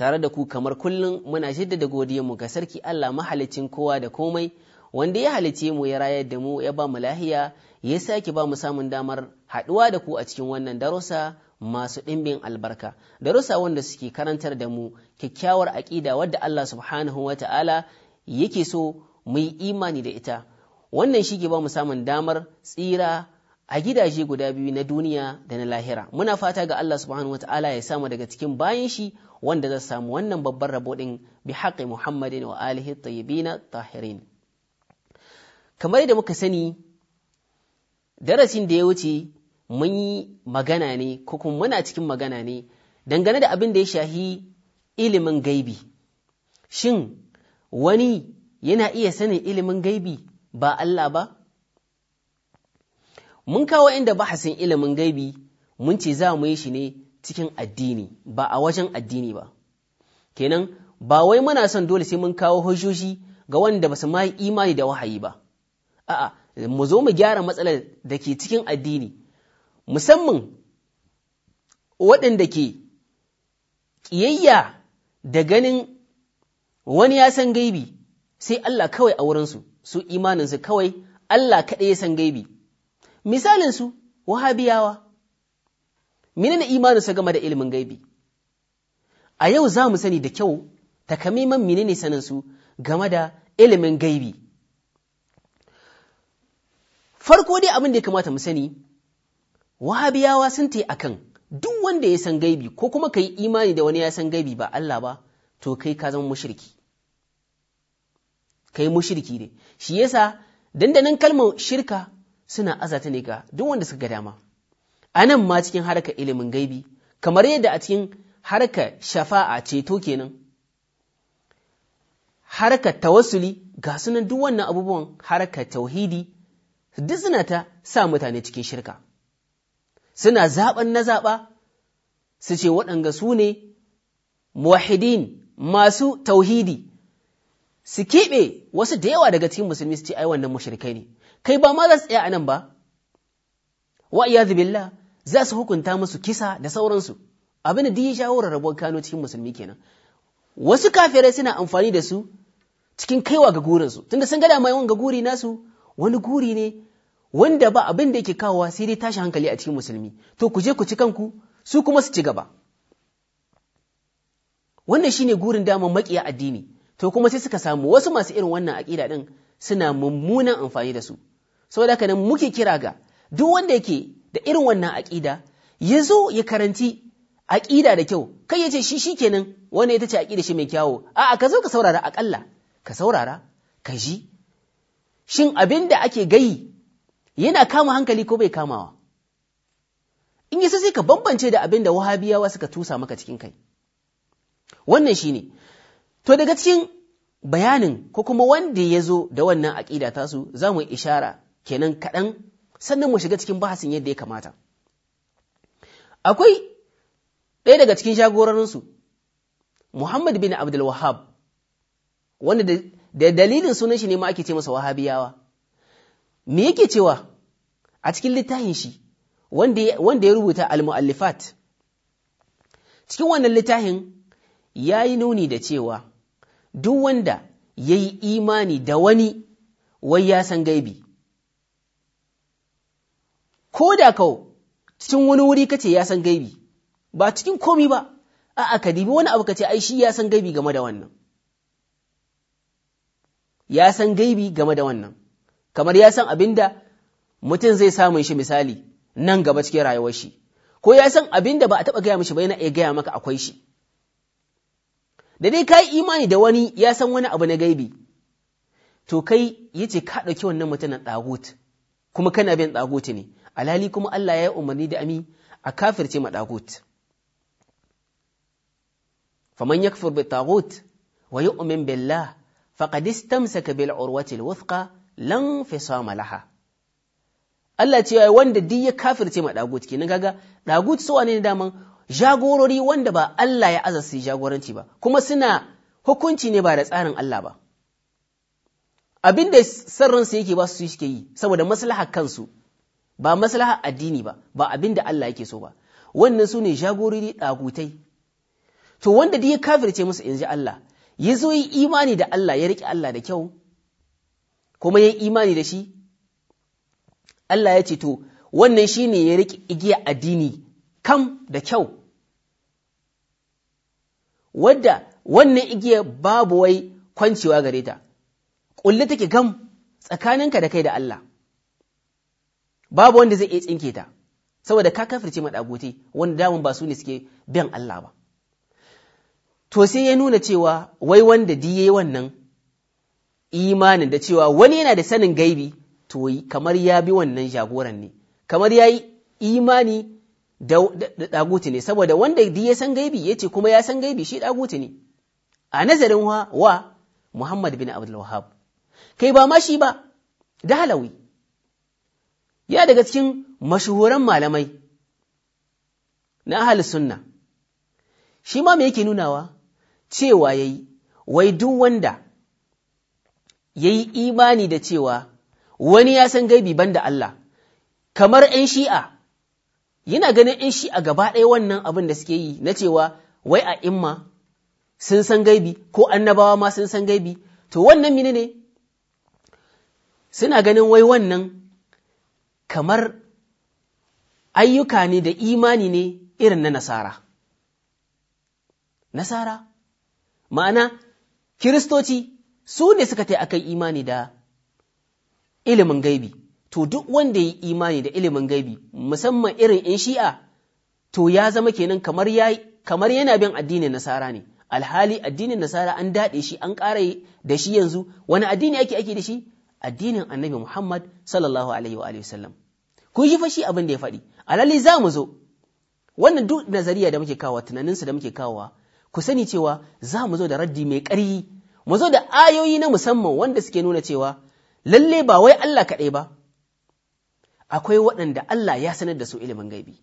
tare da ku kamar kullum muna jaddada mu ga sarki Allah mahalicin kowa da komai wanda ya halice mu ya rayar da mu ya ba mu lahiya ya sake ba mu samun damar haɗuwa da ku a cikin wannan darussa masu ɗimbin albarka darussa wanda suke karantar da mu kyakkyawar aƙida wadda Allah subhanahu wa ta'ala yake so mu yi imani da ita wannan shi ke ba mu samun damar tsira a gidaje guda biyu na duniya da na lahira muna fata ga Allah subhanahu wataala ya samu daga cikin bayan shi wanda zai samu wannan babban rabo din bi haqqi Muhammadin wa alihi tayyibin tahirin kamar da muka sani darasin da ya wuce mun yi magana ne ko kuma muna cikin magana ne dangane da abin da ya shahi ilimin gaibi shin wani yana iya sanin ilimin gaibi ba Allah ba mun kawo inda bahasin ilimin gaibi mun ce za mu yi shi ne cikin addini ba a wajen addini ba kenan ba wai muna son dole sai mun kawo hujjoji ga wanda ba su ma imani da wahayi ba a'a mu zo mu gyara matsalar da ke cikin addini musamman waɗanda ke ƙiyayya da ganin wani ya san gaibi sai Allah kawai a wurinsu su imaninsu kawai Allah kaɗai ya san gaibi misalin su wahabiyawa menene imanin sa game da ilimin gaibi a yau za mu sani da kyau takamaiman ne sanin su game da ilimin gaibi farko dai abin da ya kamata mu sani wahabiyawa sun ta kan duk wanda ya san gaibi ko kuma ka yi imani da wani ya san gaibi ba Allah ba to kai ka zama mushirki. kai mushirki ne shi yasa dandanan kalmar shirka suna azata ne ga duk wanda suka ga dama a nan ma cikin harkar ilimin gaibi kamar yadda a cikin harkar shafa'a ceto kenan harkar tawassuli ga sunan duk wannan abubuwan harka tauhidi duk suna ta sa mutane cikin shirka suna zaɓen na zaɓa su ce waɗanga su ne muwahidin masu tauhidi su keɓe wasu da yawa daga cikin musulmi su ce ai wannan mashirkai ne kai ba ma za su tsaya a nan ba wa iya billah za su hukunta musu kisa da sauransu abin da ya shawo rarrabuwar kano cikin musulmi kenan wasu kafirai suna amfani da su cikin kaiwa ga gurinsu tunda sun gada mai wanga guri nasu wani guri ne wanda ba abin da yake kawowa sai dai tashi hankali a cikin musulmi to ku je ku ci kanku su kuma su ci gaba wannan shine gurin damar makiya addini to kuma sai suka samu wasu masu irin wannan aƙida din suna mummunan amfani da su sau da nan muke kira ga duk wanda yake da irin wannan aƙida ya zo ya karanci aƙida da kyau kai ya ce shi shi kenan wanda ta ce aƙida shi mai kyawo a'a ka zo ka saurara aƙalla ka saurara ka ji shin abin da ake gayi yana kama hankali ko bai kamawa in yi sai ka bambance da abin da wahabiyawa suka tusa maka cikin kai wannan shi ne to daga cikin bayanin ko kuma wanda ya zo da wannan aƙida tasu za mu ishara kenan kaɗan sannan mu shiga cikin bahasin yadda ya kamata akwai ɗaya daga cikin shagoraninsu muhammad bin abdul wahab wanda da dalilin sunan shi ne ma ake ce masa wahabiyawa me yake cewa a cikin littafin shi wanda ya rubuta al-mu'allifat cikin wannan littafin ya yi nuni da cewa duk wanda ya yi imani da wani wai ya san gaibi ko da kau cikin wani wuri kace ya san gaibi ba cikin komi ba a'a ka dibi wani abu kace ai shi ya san gaibi game da wannan ya san gaibi game da wannan kamar ya san abin mutum zai samun shi misali nan gaba cikin rayuwar shi ko ya san abin ba a taɓa gaya mishi ba yana iya gaya maka akwai shi da dai ka yi imani da wani ya san wani abu na gaibi to kai yace ka ɗauki wannan mutumin ɗagut kuma kana bin ɗagut ne alhali kuma Allah ya yi umarni da ami a kafirce ma ɗagut faman yakfur bi tagut wa yu'min billah faqad istamsaka bil urwati al wuthqa lan fisama laha Allah ce wanda duk ya kafirce ma ɗagut kenan kaga Ɗagot suwa ne daman jagorori wanda ba Allah ya aza su jagoranci ba kuma suna hukunci ne ba da tsarin Allah ba abin da sarransu yake ba su suke yi saboda maslaha kansu ba maslaha addini ba ba abin da Allah yake so ba wannan su ne jagorori ɗagutai to wanda da ya kafirce musu in ji Allah ya zo yi imani da Allah ya riƙe Allah da kyau kuma ya yi imani da shi Allah ya ce to wannan shi ne ya riƙe igiya addini kam da kyau wadda wannan igiya babu wai kwancewa gare ta ƙulli take gam tsakaninka da kai da Allah babu wanda zai iya tsinke ta saboda ka kafirce madagote wanda damun ba su ne suke biyan Allah ba to sai ya nuna cewa wai wanda diye wannan imanin da cewa wani yana da sanin gaibi to kamar ya bi wannan jagoran ne kamar ya yi imani da daguti ne saboda wanda ya san gaibi ya ce kuma ya san gaibi shi daguti ne a nazarin wa, Muhammad bin Abdul Wahab kai ba ma shi ba da halawi ya daga cikin mashuhuran malamai na ahal sunna shi ma me yake nunawa cewa yayi wai duk wanda yayi imani da cewa wani ya san gaibi banda Allah kamar ɗan shi'a yana ganin ‘yan shi'a gaba ɗaya wannan abin da suke yi na cewa wai a imma sun san gaibi ko annabawa ma sun san gaibi to wannan mine ne suna ganin wai wannan kamar ayyuka ne da imani ne irin na nasara. Nasara, ma'ana, Kiristoci su ne suka ta akan imani da ilimin gaibi, to duk wanda ya imani da ilimin gaibi, musamman irin in shi'a, to ya zama kenan kamar, kamar yana bin addinin nasara ne, alhali addinin nasara an daɗe shi an ƙara da shi yanzu, wani addini ake ake da shi? addinin annabi Muhammad sallallahu alaihi wa alihi wasallam ku yi fashi abin da ya faɗi alali za mu zo wannan duk nazariya da muke kawo tunaninsa da muke kawo ku sani cewa za mu zo da raddi mai ƙarfi mu zo da ayoyi na musamman wanda suke nuna cewa lalle ba wai Allah kaɗai ba akwai waɗanda Allah ya sanar da su ilimin gaibi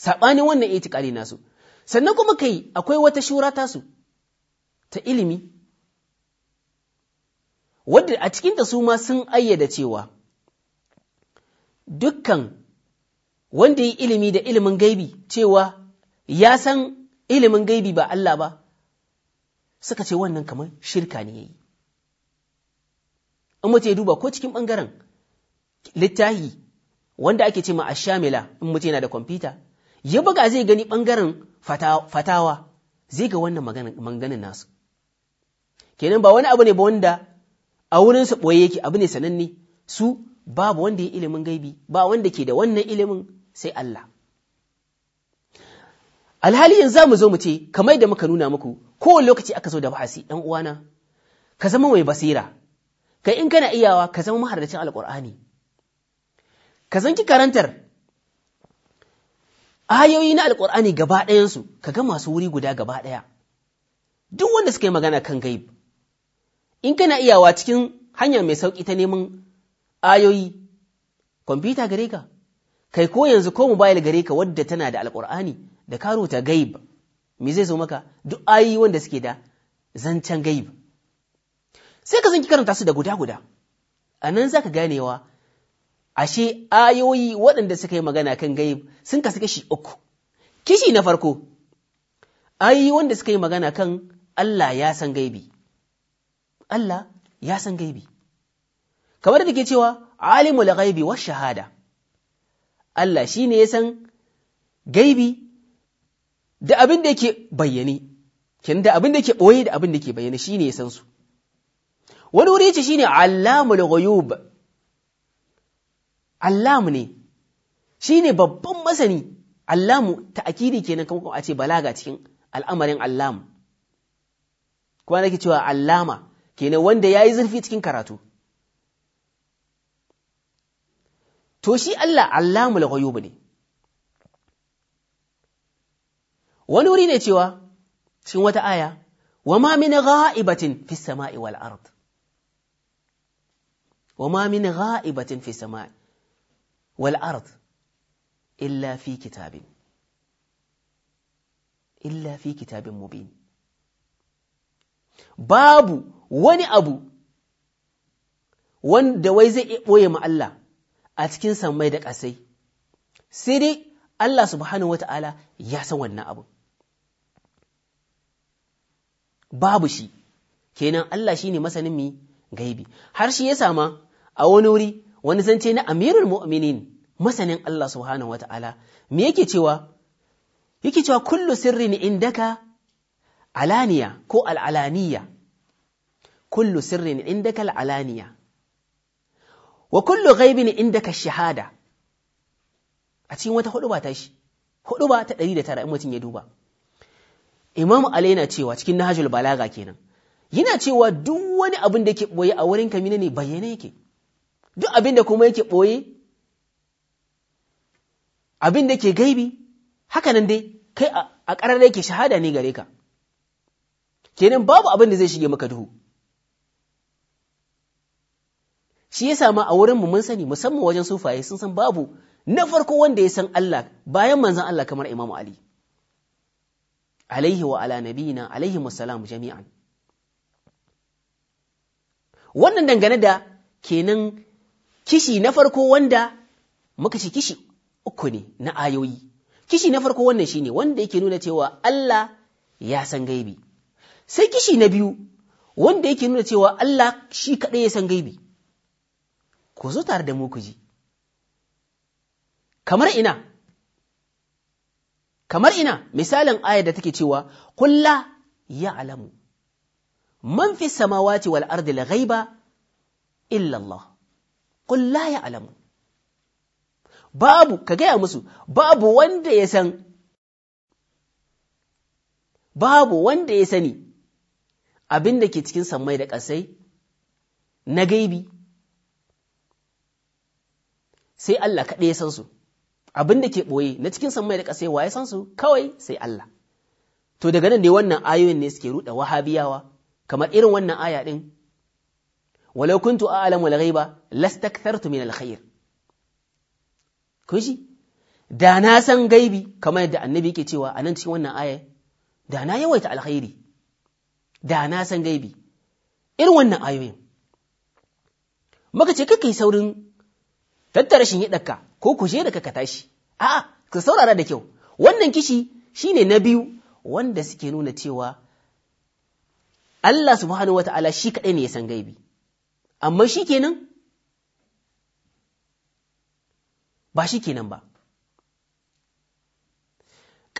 saɓanin wannan itikari nasu sannan kuma kai akwai wata shura tasu ta ilimi wadda a cikinta su ma sun ayyada cewa dukkan wanda yi ilimi da ilimin gaibi cewa ya san ilimin gaibi ba Allah ba suka ce wannan kamar shirka ne ya yi in mutum ya duba ko cikin ɓangaren littahi wanda ake ce ma ashamila in mutum yana da kwamfuta ya buga zai gani ɓangaren fatawa zai ga wannan maganin nasu kenan ba wani abu ne ba wanda a wurin su boye yake abu ne sananne su babu wanda ya ilimin gaibi ba wanda ke da wannan ilimin sai Allah alhali yanzu mu zo mu ce kamar da muka nuna muku kowane lokaci aka zo da bahasi Ɗan uwana ka zama mai basira kai in kana iyawa ka zama maharracin alqur'ani ka zanki karantar ayoyi na alqur'ani gaba ɗayansu ka ga masu wuri guda gaba ɗaya duk wanda suka yi magana kan gaibi. in kana iyawa cikin hanya mai sauƙi ta neman ayoyi kwamfuta gare ka kai ko yanzu ko mobile gare ka wadda tana da alƙur'ani da karuta gaib me zai zo maka duk ayi wanda suke da zancen gaib sai ka zanki karanta su da guda-guda a nan za ka ganewa ashe ayoyi waɗanda suka yi magana kan gaib sun kasu kashi uku kishi na farko Ayi wanda suka yi magana kan Allah ya san gaibi Allah ya san gaibi kamar da ke cewa alimul gaibi wa shahada Allah shi ne ya san gaibi da abin da yake bayyane kin da abin da yake ɓoye da abin da yake bayyane shi ne ya san su wani wuri shi ne allamul ghuyub allamu ne shi ne babban masani allamu ta'kidi kenan kamar a ce balaga cikin al'amarin allamu, kuma nake cewa allama kenan wanda ya yi zurfi cikin karatu to shi Allah allamul ghuyub ne wani wuri ne cewa cikin wata aya wa ma min gha'ibatin fi samai wal ard wa ma min gha'ibatin fi samai wal ard illa fi kitabin illa fi kitabin mubin babu wani abu wanda wai zai ɓoye ma Allah a cikin sammai da ƙasai, sai dai Allah subhanahu wa ta'ala ya san wannan abu. Babu shi, kenan Allah shi ne masanin mi gaibi, har shi ya sama a wani wuri wani zance na amirul mu'minin masanin Allah subhanahu wa ta'ala, me yake cewa? Yake cewa kullu sirrin indaka alaniya ko al'alaniya kullu sirrin ka al'alaniya wa kullu inda ka shahada a cikin wata hudu ba ta shi hudu ba ta 109 in mutum ya duba Imam Ali yana cewa cikin nahajul Balaga kenan yana cewa duk wani abin da ke ɓoye a wurin kamina ne bayyane yake duk abin da kuma yake ɓoye abin da ke gaibi haka nan dai kai a ƙarar yake shahada ne gare ka kenan babu abin da zai shige maka duhu shi ya sami a wurin mu mun sani musamman wajen sufaye sun san babu na farko wanda ya san Allah bayan manzon Allah kamar Imam Ali alaihi wa ala nabiyina alaihi wassalam jami'an wannan dangane da kenan kishi na farko wanda muka ce kishi uku ne na ayoyi kishi na farko wannan shine wanda yake nuna cewa Allah ya san gaibi sai kishi na biyu wanda yake nuna cewa Allah shi kaɗai ya san gaibi ku zo tare da mu ku ji kamar ina kamar ina misalin ayar da take cewa kulla ya alamu man fi samawati wal ardi la ghaiba illa kulla ya alamu babu ka gaya musu babu wanda ya san babu wanda ya sani abin da ke cikin sammai da ƙasai na gaibi sai Allah kaɗai ya san su abin da ke ɓoye na cikin sammai da ƙasai ya san su kawai sai Allah to daga nan ne wannan ayoyin ne suke ruɗa wahabiyawa kamar irin wannan aya ɗin walau kuntu a'lamu al-ghaiba lastakthartu min al Kushi da na san gaibi kamar yadda annabi yake cewa a nan cikin wannan aya da na yawaita alkhairi da na san gaibi irin wannan ayoyin muka ce kaka yi saurin tattara shin ɗaka ko kuje da ka tashi a'a ka saurara da kyau wannan kishi shine na biyu wanda suke nuna cewa Allah subhanahu wata'ala shi kaɗai ne ya san gaibi amma shi kenan ba shi kenan ba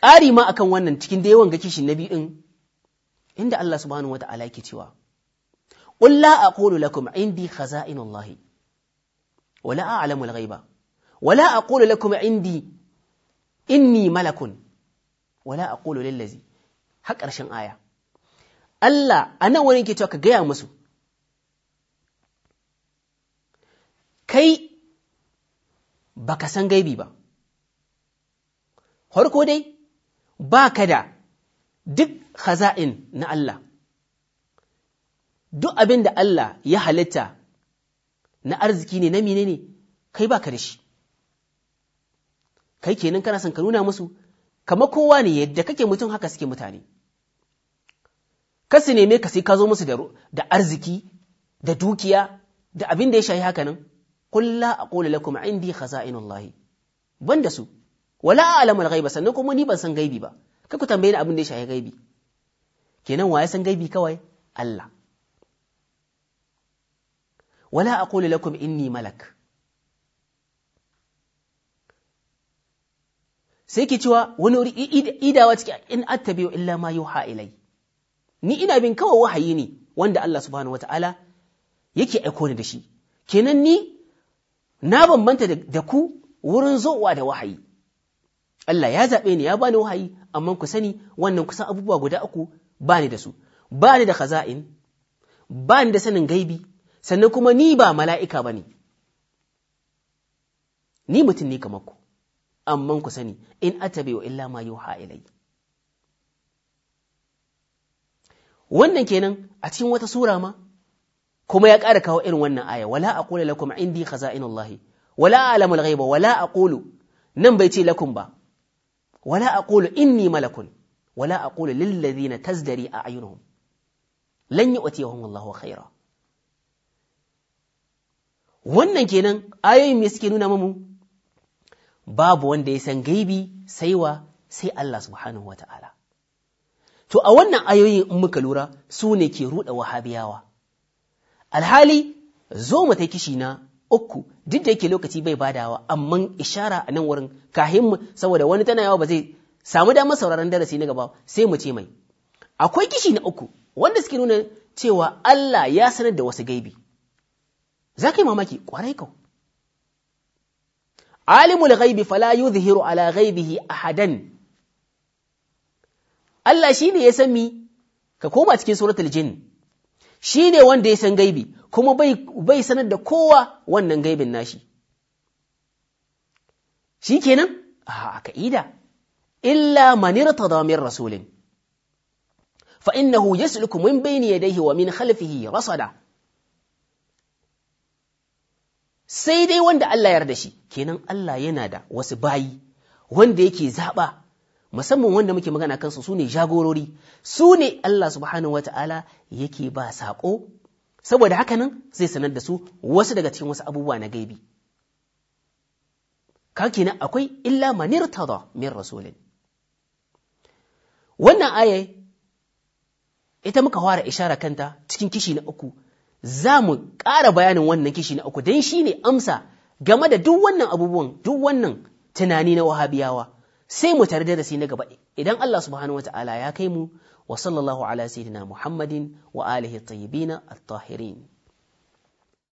ƙari ma akan wannan cikin da yawan ga kishi na biyu inda Allah subhanahu wa ta'ala yake cewa qul la aqulu lakum indi khaza'inullahi wa la a'lamu al-ghaiba wa la aqulu lakum indi inni malakun wa la aqulu lillazi har ƙarshen aya Allah a nan wani ke cewa ka gaya musu kai baka san gaibi ba, harko dai ba ka da duk khaza'in na Allah, duk abin da Allah ya halitta na arziki ne na mine ne, kai ba ka da shi, kai kenan kana son ka nuna musu, kama kowa ne yadda kake mutum haka suke mutane, kasu neme ka sai ka zo musu da arziki, da dukiya, da abin da ya shayi haka nan, kulla a ƙola lakum indi khaza'in ban da su, wala a alamar sannan kuma ni ban san gaibi ba, kai ku tambaye ni abin da ya shayi gaibi. kenan wa ya san gaibi kawai Allah wala aqulu lakum inni malak sai ki cewa wani wuri idawa cikin in attabi'u illa ma yuha ilai ni ina bin kawai wahayi ne wanda Allah subhanahu wata'ala yake aiko ni da shi kenan ni na bambanta da ku wurin zowa da wahayi Allah ya zaɓe ni ya bani wahayi amma ku sani wannan kusan abubuwa guda uku ba ni da su ba ni da khaza'in ba ni da sanin gaibi sannan kuma ni ba mala'ika ba ne ni mutum ne kamar ku amma ku sani in atabe wa illa ma yuha ilai wannan kenan a cikin wata sura ma kuma ya ƙara kawo irin wannan aya wala aqulu lakum indi khaza'inullah wala a'lamul ghaiba wala aqulu nan bai ce lakum ba wala aqulu inni malakun wala aqulu lil ladhina tazdari a'yunuhum lan yu'tiyahum Allahu khaira wannan kenan ayoyin me suke nuna mamu babu wanda ya san gaibi saiwa, sai Allah subhanahu wata'ala to a wannan ayoyin in muka lura su ne ke ruɗa wahabiyawa alhali zo mu kishi na uku duk da yake lokaci bai badawa amma ishara a nan wurin kahin saboda wani tana yawa ba zai samu damar sauraron darasi na gaba sai mu ce mai akwai kishi na uku wanda suke nuna cewa Allah ya sanar da wasu gaibi za ka yi mamaki kwarai kau alimul gaibi fala yuzhiru ala a ahadan Allah shine ya san mi ka koma cikin suratul jin shine wanda ya san gaibi kuma bai sanar da kowa wannan gaibin nashi Shi shikenan a ka'ida إلا من ارتضى من رسول فإنه يسلك من بين يديه ومن خلفه رصدا sai dai wanda Allah ya yarda shi kenan Allah yana da wasu bayi wanda yake zaba musamman wanda muke magana kansu su ne jagorori su ne Allah subhanahu wata'ala yake ba saƙo saboda haka nan zai sanar da su wasu daga cikin wasu abubuwa na gaibi ka kenan akwai illa manir tada min rasulin wannan ayai ita muka fara ishara kanta cikin kishi na uku za mu ƙara bayanin wannan kishi na uku don shi ne amsa game da duk wannan abubuwan duk wannan tunani na wahabiyawa sai mu tare da darasi na gaba idan Allah subhanahu wata'ala ya kai mu wa sallallahu ala sayyidina Muhammadin wa alihi tayyibina at-tahirin